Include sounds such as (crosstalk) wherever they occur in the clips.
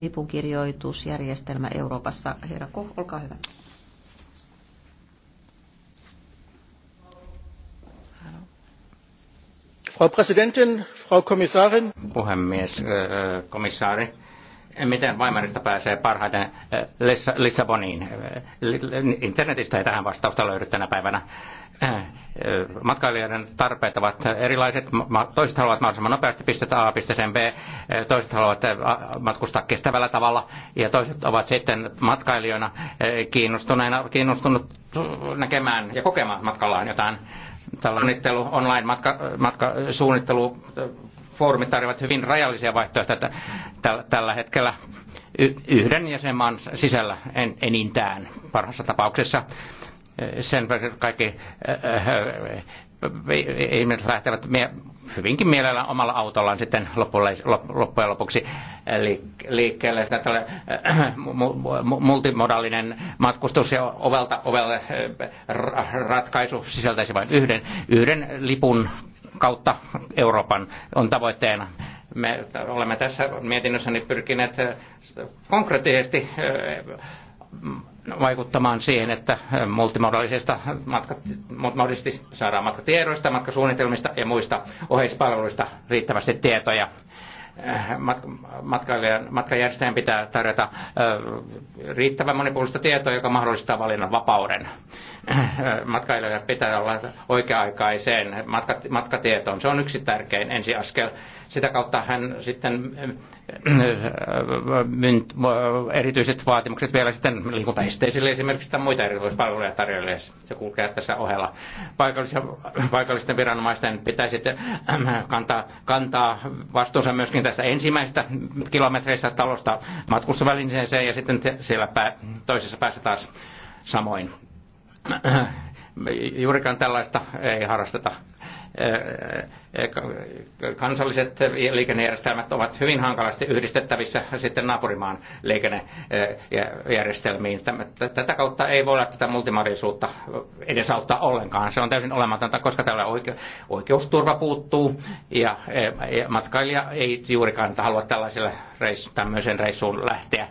lipunkirjoitusjärjestelmä Euroopassa. Herra Koh, olkaa hyvä. Frau Präsidentin, Frau Kommissarin. Puhemies, äh, äh, komissaari miten Weimarista pääsee parhaiten eh, Lissaboniin. Eh, internetistä ei tähän vastausta löydy tänä päivänä. Eh, matkailijoiden tarpeet ovat erilaiset. Toiset haluavat mahdollisimman nopeasti pistetä A pisteeseen B, toiset haluavat matkustaa kestävällä tavalla ja toiset ovat sitten matkailijoina kiinnostuneena, kiinnostunut näkemään ja kokemaan matkallaan jotain tällainen online matka, matka, suunnittelu foorumit tarjoavat hyvin rajallisia vaihtoehtoja tällä hetkellä yhden jäsenmaan sisällä enintään parhaassa tapauksessa. Sen kaikki ihmiset lähtevät hyvinkin mielellään omalla autollaan sitten loppujen lopuksi liikkeelle. Sitä tulee multimodaalinen matkustus ja ovelta ovelle ratkaisu sisältäisi vain yhden, yhden lipun kautta Euroopan on tavoitteena. Me olemme tässä mietinnössäni pyrkineet eh, konkreettisesti eh, vaikuttamaan siihen, että eh, multimodaalisesta matkat, saadaan matkatiedoista, matkasuunnitelmista ja muista oheispalveluista riittävästi tietoja. Matkajärjestäjän pitää tarjota riittävän monipuolista tietoa, joka mahdollistaa valinnan vapauden. (clears throat) matkailijoille pitää olla oikea-aikaiseen matkatietoon. Se on yksi tärkein ensiaskel. Sitä kautta hän sitten äh, äh, äh, erityiset vaatimukset vielä sitten liikuntaesteisille esimerkiksi tai muita erityispalveluja tarjolle. Se kulkee tässä ohella. paikallisten viranomaisten pitäisi kantaa, kantaa vastuunsa myöskin tästä ensimmäisestä kilometreistä talosta matkustavälineeseen ja sitten siellä pää, toisessa päässä taas samoin Äh, juurikaan tällaista ei harrasteta. Äh, äh, kansalliset liikennejärjestelmät ovat hyvin hankalasti yhdistettävissä sitten naapurimaan liikennejärjestelmiin. Tätä kautta ei voi olla tätä multimarisuutta edesauttaa ollenkaan. Se on täysin olematonta, koska tällä oikeusturva puuttuu ja matkailija ei juurikaan halua tällaiselle reissu, tämmöiseen reissuun lähteä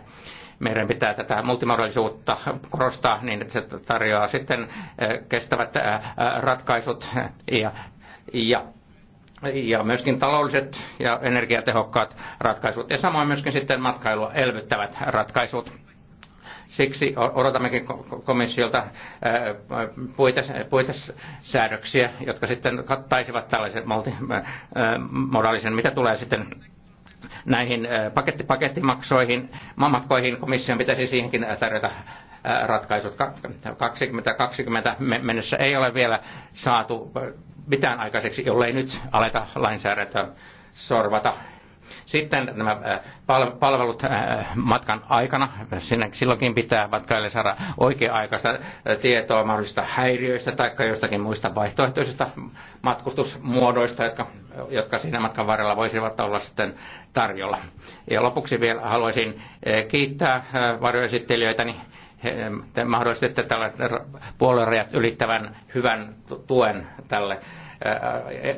meidän pitää tätä multimodaalisuutta korostaa niin, että se tarjoaa sitten eh, kestävät eh, eh, ratkaisut ja, ja ja myöskin taloudelliset ja energiatehokkaat ratkaisut ja samoin myöskin sitten matkailua elvyttävät ratkaisut. Siksi odotammekin komissiolta puitesäädöksiä, jotka sitten kattaisivat tällaisen multimodaalisen, mitä tulee sitten näihin paketti, pakettimaksoihin, matkoihin komission pitäisi siihenkin tarjota ratkaisut. 2020 mennessä ei ole vielä saatu mitään aikaiseksi, jollei nyt aleta lainsäädäntöä sorvata sitten nämä äh, palvelut äh, matkan aikana, silloinkin pitää matkaille saada oikea-aikaista äh, tietoa mahdollisista häiriöistä tai jostakin muista vaihtoehtoisista matkustusmuodoista, jotka, jotka siinä matkan varrella voisivat olla sitten tarjolla. Ja lopuksi vielä haluaisin kiittää varjoesittelijöitäni niin he että tällaisen puoluerajat ylittävän hyvän tuen tälle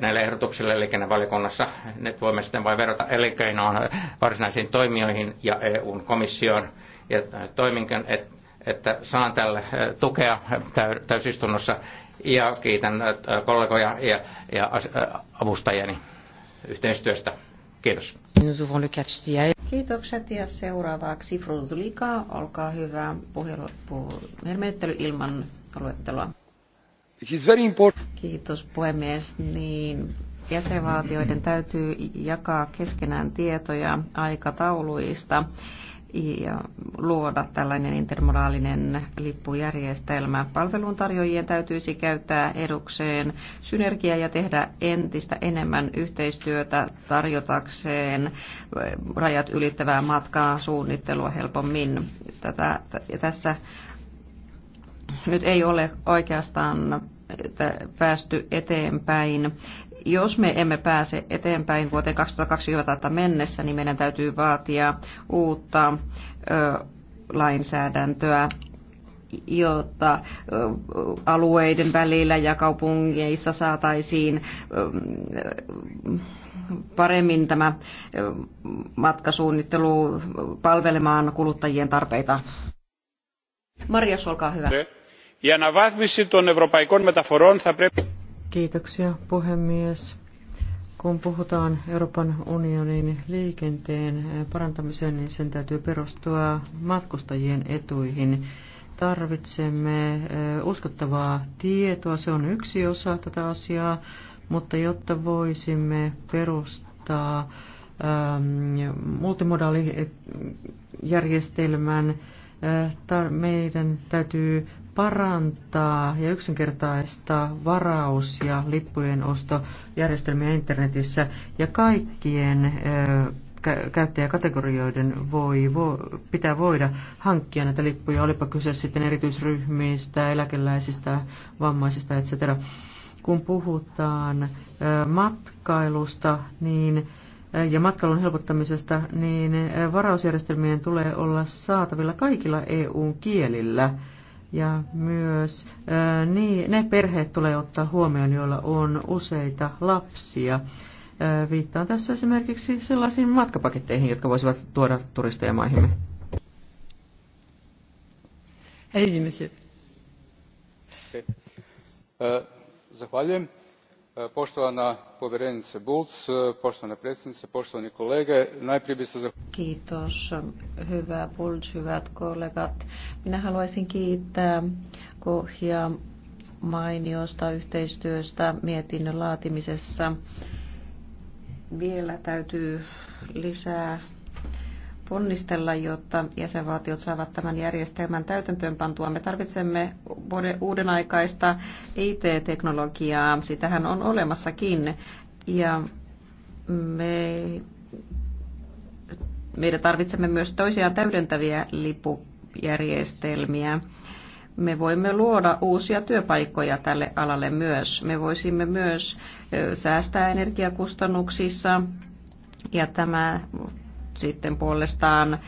näille ehdotuksille liikennevaliokunnassa. Nyt voimme sitten vain verrata elinkeinoon varsinaisiin toimijoihin ja EUn komissioon. Ja toiminkin, että, saan tälle tukea täysistunnossa ja kiitän kollegoja ja, ja avustajieni yhteistyöstä. Kiitos. Kiitokset ja seuraavaksi Frunzulika, olkaa hyvä, puhelu, ilman luettelua. Kiitos puhemies. Niin, jäsenvaltioiden täytyy jakaa keskenään tietoja aikatauluista ja luoda tällainen intermodaalinen lippujärjestelmä. Palveluntarjoajien täytyisi käyttää edukseen synergiaa ja tehdä entistä enemmän yhteistyötä tarjotakseen rajat ylittävää matkaa suunnittelua helpommin. Tätä, tässä nyt ei ole oikeastaan päästy eteenpäin jos me emme pääse eteenpäin vuoteen 2020 mennessä, niin meidän täytyy vaatia uutta ö, lainsäädäntöä jotta alueiden välillä ja kaupungeissa saataisiin paremmin tämä matkasuunnittelu palvelemaan kuluttajien tarpeita. Marias, olkaa hyvä. Ja αναβάθμιση των ευρωπαϊκών μεταφορών θα πρέπει Kiitoksia puhemies. Kun puhutaan Euroopan unionin liikenteen parantamiseen, niin sen täytyy perustua matkustajien etuihin. Tarvitsemme eh, uskottavaa tietoa, se on yksi osa tätä asiaa, mutta jotta voisimme perustaa ehm, multimodaalijärjestelmän, eh, meidän täytyy parantaa ja yksinkertaistaa varaus- ja lippujen ostojärjestelmiä internetissä ja kaikkien käyttäjäkategorioiden voi, vo, pitää voida hankkia näitä lippuja, olipa kyse sitten erityisryhmistä, eläkeläisistä, vammaisista, etc. Kun puhutaan matkailusta niin, ja matkailun helpottamisesta, niin varausjärjestelmien tulee olla saatavilla kaikilla EU-kielillä. Ja myös niin, ne perheet tulee ottaa huomioon, joilla on useita lapsia. Viittaan tässä esimerkiksi sellaisiin matkapaketteihin, jotka voisivat tuoda turisteja maihimme. allez monsieur. Okay. Uh, E, poštovana povjerenice bulc e, poštovana predsjednice poštovani kolege najprije bih se Kiitos, hyvä Bulc, hyvät kollegat. Minä haluaisin kiittää Kohia mainiosta yhteistyöstä mietinnön laatimisessa. Vielä täytyy lisää ponnistella, jotta jäsenvaltiot saavat tämän järjestelmän täytäntöönpantua. Me tarvitsemme uuden aikaista IT-teknologiaa, sitähän on olemassakin, ja me, meidän tarvitsemme myös toisia täydentäviä lipujärjestelmiä me voimme luoda uusia työpaikkoja tälle alalle myös. Me voisimme myös säästää energiakustannuksissa ja tämä sitten puolestaan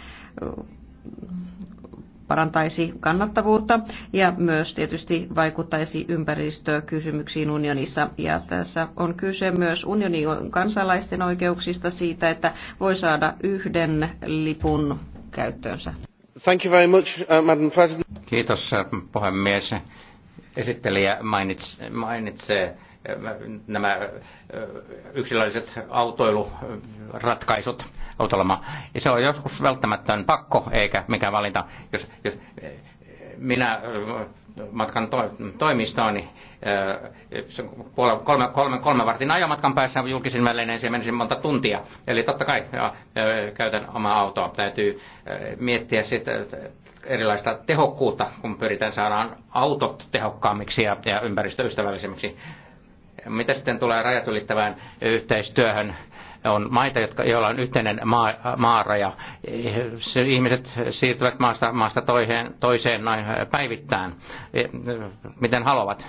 parantaisi kannattavuutta ja myös tietysti vaikuttaisi ympäristökysymyksiin unionissa. Ja tässä on kyse myös unionin kansalaisten oikeuksista siitä, että voi saada yhden lipun käyttöönsä. Thank you very much, uh, Madam President. Kiitos, äh, puhemies. Esittelijä mainitsee, mainitsee äh, nämä äh, yksilölliset autoiluratkaisut Outalama. Ja se on joskus välttämätön pakko, eikä mikä valinta. Jos, jos eh, minä eh, matkan to, toimistoon, niin eh, kolme, kolme, kolme vartin ajomatkan päässä julkisin välineen se menisi monta tuntia. Eli totta kai ja, käytän omaa autoa. Täytyy miettiä sitten erilaista tehokkuutta, kun pyritään saadaan autot tehokkaammiksi ja, ja ympäristöystävällisemmiksi. Mitä sitten tulee rajat ylittävään yhteistyöhön? On maita, jotka, joilla on yhteinen maa, maaraja. Ihmiset siirtyvät maasta, maasta toiseen, toiseen noin päivittäin, miten haluavat.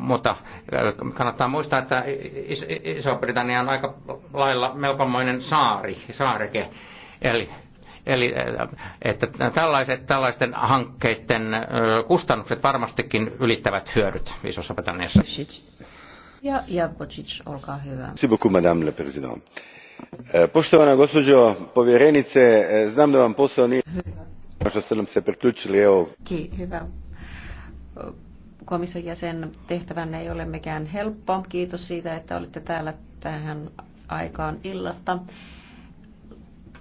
Mutta äh, kannattaa muistaa, että Iso-Britannia on aika lailla melkomoinen saari, saareke. Eli Eli äh, että tällaiset, tällaisten hankkeiden äh, kustannukset varmastikin ylittävät hyödyt iso Britanniassa. Ja Jakovčić, olkaa hyvä. madame la présidente. Eh, poštovana gospođo povjerenice, eh, znam da vam posao nije što ste nam se priključili. Evo. Hyvä. Komission jäsen tehtävänne ei ole mikään helppo. Kiitos siitä, että olitte täällä tähän aikaan illasta.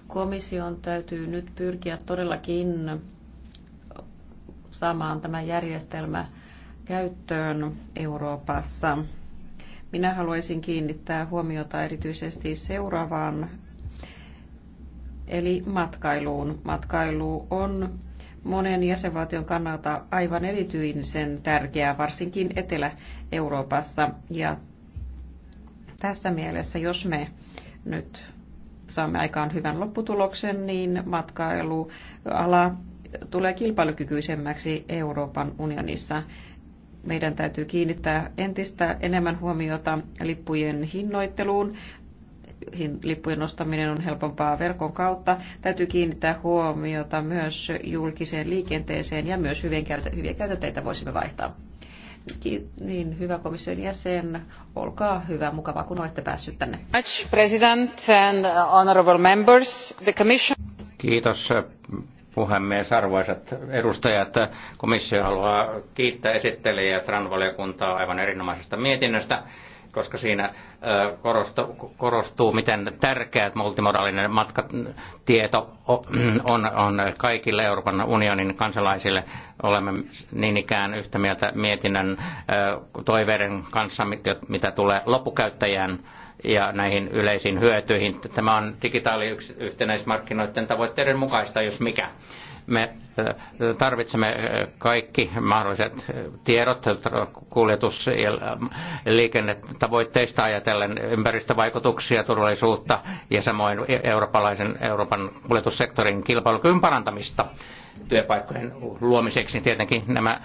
Komission täytyy nyt pyrkiä todellakin saamaan tämä järjestelmä käyttöön Euroopassa. Minä haluaisin kiinnittää huomiota erityisesti seuraavaan, eli matkailuun. Matkailu on monen jäsenvaltion kannalta aivan erityisen tärkeää, varsinkin Etelä-Euroopassa. Ja tässä mielessä, jos me nyt saamme aikaan hyvän lopputuloksen, niin matkailuala tulee kilpailukykyisemmäksi Euroopan unionissa meidän täytyy kiinnittää entistä enemmän huomiota lippujen hinnoitteluun. Lippujen nostaminen on helpompaa verkon kautta. Täytyy kiinnittää huomiota myös julkiseen liikenteeseen ja myös hyvien käytä, hyviä käytänteitä voisimme vaihtaa. Ki- niin, hyvä komission jäsen, olkaa hyvä, mukava kun olette päässyt tänne. President and honorable members, the commission... Kiitos puhemies, arvoisat edustajat. Komissio haluaa kiittää esittelijää TRAN-valiokuntaa aivan erinomaisesta mietinnöstä koska siinä korostuu, korostuu miten tärkeä multimodaalinen matkatieto on, on kaikille Euroopan unionin kansalaisille. Olemme niin ikään yhtä mieltä mietinnän toiveiden kanssa, mitä tulee loppukäyttäjään ja näihin yleisiin hyötyihin. Tämä on digitaali yhtenäismarkkinoiden tavoitteiden mukaista, jos mikä. Me tarvitsemme eh, kaikki mahdolliset eh, tiedot eh, kuljetus- ja liikennetavoitteista ajatellen ympäristövaikutuksia, turvallisuutta ja samoin e-, eurooppalaisen Euroopan kuljetussektorin kilpailukyvyn parantamista työpaikkojen luomiseksi. Tietenkin nämä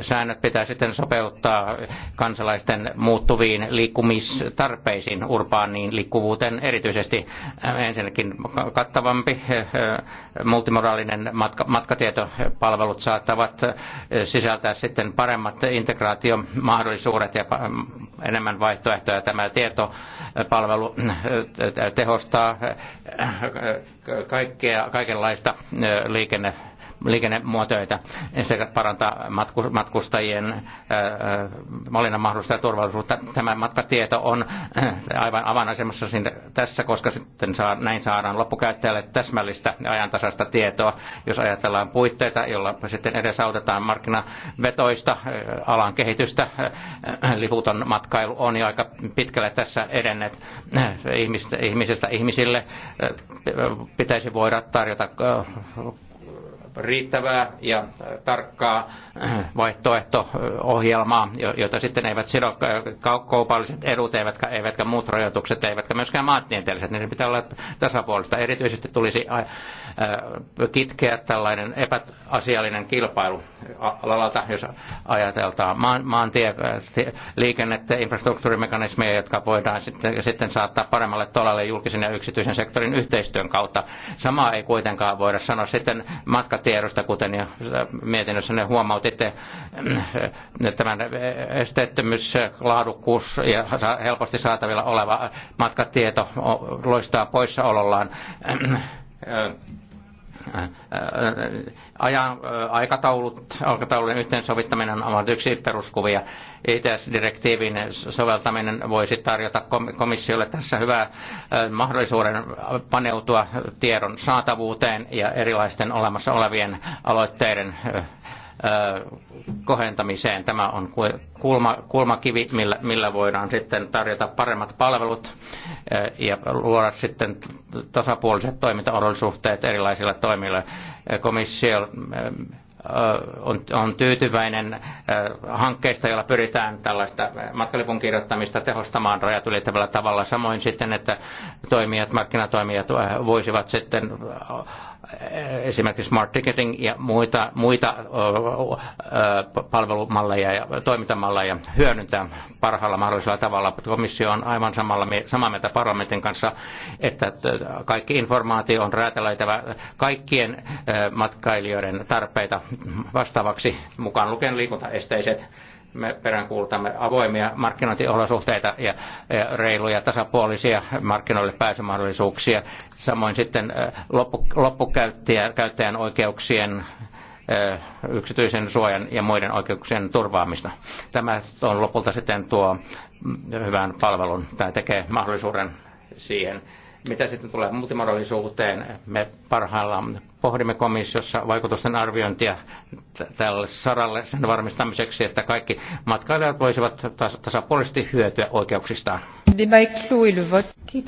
säännöt pitää sitten sopeuttaa kansalaisten muuttuviin liikkumistarpeisiin, urbaaniin liikkuvuuteen erityisesti ensinnäkin kattavampi multimoraalinen matka, matkatieto tietopalvelut saattavat eh, sisältää sitten paremmat integraatiomahdollisuudet ja enemmän vaihtoehtoja. Tämä tietopalvelu eh, eh, tehostaa kaikkea, kaikenlaista liikenne liikennemuotoja se parantaa matkustajien valinnan mahdollista turvallisuutta. Tämä matkatieto on äh, aivan avainasemassa tässä, koska sitten saa, näin saadaan loppukäyttäjälle täsmällistä ja ajantasaista tietoa, jos ajatellaan puitteita, jolla sitten edesautetaan markkinavetoista alan kehitystä. Liputon matkailu on jo aika pitkälle tässä edennet ihmisestä ihmisille. Pitäisi voida tarjota riittävää ja tarkkaa vaihtoehto-ohjelmaa, jota sitten eivät sido kaupalliset edut, eivätkä, eivätkä muut rajoitukset, eivätkä myöskään maantieteelliset. Niiden pitää olla tasapuolista. Erityisesti tulisi kitkeä tällainen epäasiallinen kilpailu alalta, jos ajateltaan liikennettä, infrastruktuurimekanismeja, jotka voidaan sitten, sitten saattaa paremmalle tolalle julkisen ja yksityisen sektorin yhteistyön kautta. Samaa ei kuitenkaan voida sanoa sitten matka tiedosta, kuten jo mietinnössä ne huomautitte, (clears throat) tämän esteettömyys, laadukkuus ja helposti saatavilla oleva matkatieto loistaa poissaolollaan (clears throat) Äh, äh, ajan, äh, aikataulut, aikataulujen yhteensovittaminen ovat yksi peruskuvia. ITS-direktiivin soveltaminen voisi tarjota komissiolle tässä hyvää mahdollisuuden paneutua tiedon saatavuuteen ja erilaisten olemassa olevien aloitteiden kohentamiseen. Tämä on kulma, kulmakivi, millä, millä voidaan sitten tarjota paremmat palvelut ja luoda sitten tasapuoliset toimintaolosuhteet erilaisille toimille. Komissio on, on tyytyväinen hankkeista, joilla pyritään tällaista matkalipun kirjoittamista tehostamaan rajat ylittävällä tavalla. Samoin sitten, että toimijat, markkinatoimijat voisivat sitten esimerkiksi smart ticketing ja muita, muita palvelumalleja ja toimintamalleja hyödyntää parhaalla mahdollisella tavalla. Komissio on aivan samalla, samaa mieltä parlamentin kanssa, että kaikki informaatio on räätälöitävä kaikkien matkailijoiden tarpeita vastaavaksi, mukaan lukien liikuntaesteiset me peräänkuulutamme avoimia markkinointiolosuhteita ja, reiluja tasapuolisia markkinoille pääsymahdollisuuksia. Samoin sitten loppukäyttäjän oikeuksien yksityisen suojan ja muiden oikeuksien turvaamista. Tämä on lopulta sitten tuo hyvän palvelun tai tekee mahdollisuuden siihen mitä sitten tulee multimodallisuuteen, me parhaillaan pohdimme komissiossa vaikutusten arviointia tälle saralle sen varmistamiseksi, että kaikki matkailijat voisivat tasapuolisesti hyötyä oikeuksistaan. Kiitoksia.